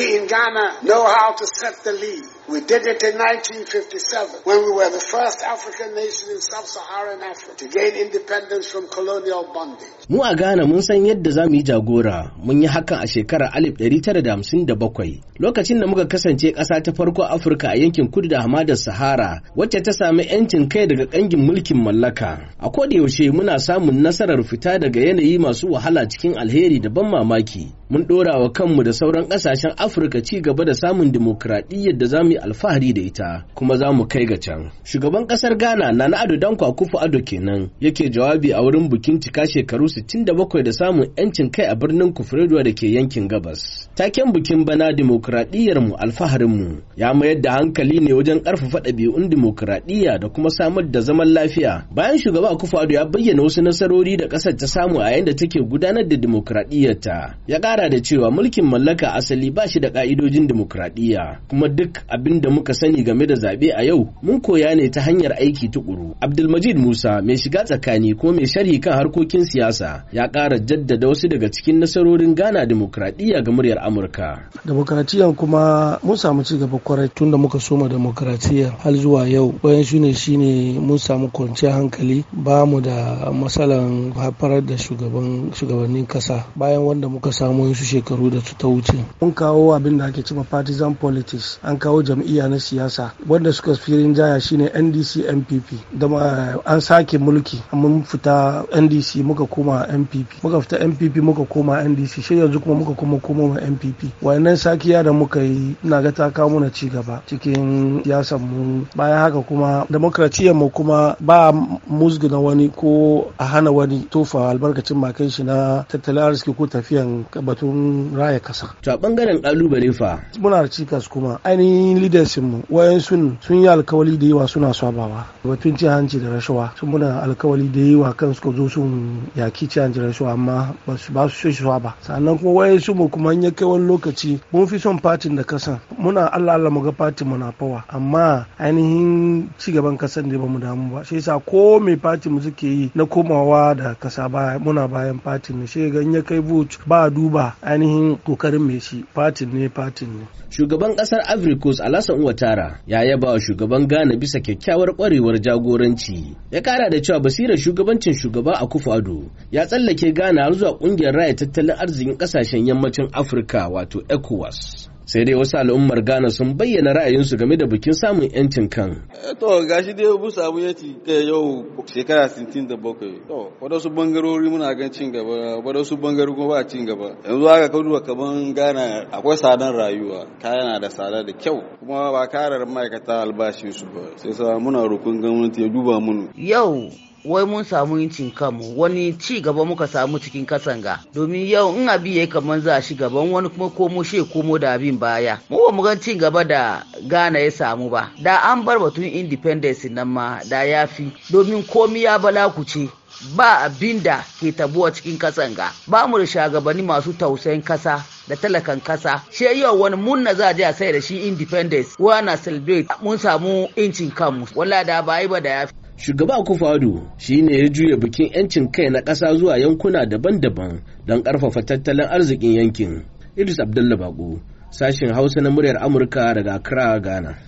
we in Ghana know how to set the lead. We did it in 1957 when we were the first African nation in sub-Saharan Africa to gain independence from colonial bondage. Mu a Ghana mun san yadda za mu yi jagora, mun yi hakan a shekarar 1957 lokacin da muka kasance ƙasa ta farko Afirka a yankin kudu da hamadar Sahara wacce ta sami 'yancin kai daga ƙangin mulkin mallaka. A koda yaushe muna samun nasarar fita daga yanayi masu wahala cikin alheri da ban mamaki. mun ɗora wa kanmu da sauran ƙasashen afirka ci gaba da samun dimokuraɗiyyar da za mu yi alfahari da ita kuma za mu kai ga can shugaban ƙasar ghana na ado dankwa Akufu ado kenan yake jawabi a wurin bukin cika shekaru sittin da bakwai da samun yancin kai a birnin kufredo da ke yankin gabas taken bukin bana dimokuraɗiyyar mu alfaharin mu ya mayar da hankali ne wajen ƙarfafa ɗabi'un dimokuraɗiyya da kuma samar da zaman lafiya bayan shugaba Akufu ado ya bayyana wasu nasarori da ƙasar ta samu a yayin da take gudanar da dimokuraɗiyyarta ya ƙara kara da cewa mulkin mallaka asali ba shi da ka'idojin demokradiyya kuma duk abin da muka sani game da zaɓe a yau mun koya ne ta hanyar aiki tukuru. Abdulmajid Musa mai shiga tsakani ko mai sharhi kan harkokin siyasa ya ƙara jaddada wasu daga cikin nasarorin gana demokradiyya ga muryar Amurka. Demokradiyya kuma mun samu ci gaba kwarai tun da muka soma demokradiyya har zuwa yau bayan shi ne ne mun samu kwanciyar hankali ba mu da matsalan haifar da shugabannin kasa bayan wanda muka samu wasu shekaru da su ta wuce. Mun kawo abin da ake cima partisan politics an kawo jam'iyya na siyasa wanda suka fi rinjaya shine NDC MPP da an sake mulki mun fita NDC muka koma MPP muka fita MPP muka koma NDC shi yanzu kuma muka koma koma ma MPP wannan sakiya da muka yi na ga ta kawo mana ci gaba cikin siyasar mu bayan haka kuma demokratiyyar mu kuma ba musguna wani ko a hana wani tofa albarkacin makan shi na tattalin arziki ko tafiyan batun raya kasa. To a bangaren kalubale fa. Muna da cikas kuma ainihin leadership mu wayan sun sun yi alkawali da yawa suna sabawa batun ci hanci da rashawa sun muna alkawali da yawa kan suka zo sun yaki ci hanci da rashawa amma ba su so shi ba. Sannan kuma sun mu kuma ya kai wani lokaci mun fi son fatin da kasan muna Allah Allah mu ga fatin mu na fawa amma ainihin ci gaban kasan da ba mu damu ba shi yasa ko mai fatin mu suke yi na komawa da kasa baya muna bayan fatin ne shi ga in ya kai vote ba duba ainihin kokarin mai shi fatin ne fatin ne shugaban kasar africos alasan watara ya yaba wa shugaban ghana bisa kyakkyawar ƙwarewar jagoranci ya ƙara da cewa basirar shugabancin shugaba a kufado ya tsallake ghana har zuwa ƙungiyar raya tattalin arzikin ƙasashen yammacin afirka wato ecowas sai dai wasu al'ummar Ghana sun bayyana ra'ayinsu game da bikin samun 'yancin kan. Eh, to gashi dai bu samu ya ci yau shekara 67. To wadansu bangarori muna gan cin gaba wadansu bangarori kuma ba cin gaba. Yanzu aka ka duba kaman Ghana akwai tsadar rayuwa kaya na da tsada da kyau kuma ba karar ma'aikata albashin su ba sai sa muna rukun gwamnati ya duba mun. Yau wai mun samu yincin kanmu wani ci gaba muka samu cikin kasan domin yau in abi yi kamar za shi gaban wani kuma komo shi komo da abin baya mu ba mu ga ci gaba da gana ya samu ba da an bar batun independence nan ma da ya fi. domin komi ya balakuce ba abin da ke tabuwa cikin kasan ba mu da shagabanni masu tausayin kasa da talakan kasa she yau wani munna za a je a sai da shi independence na celebrate mun samu incin kanmu wala da ba ba da yafi Shugaba kufadu shi ne ya juya bikin 'yancin kai na ƙasa zuwa yankuna daban-daban don ƙarfafa tattalin arzikin yankin. Idris Abdullah Bako, sashen Hausa na muryar Amurka daga Accra, Ghana.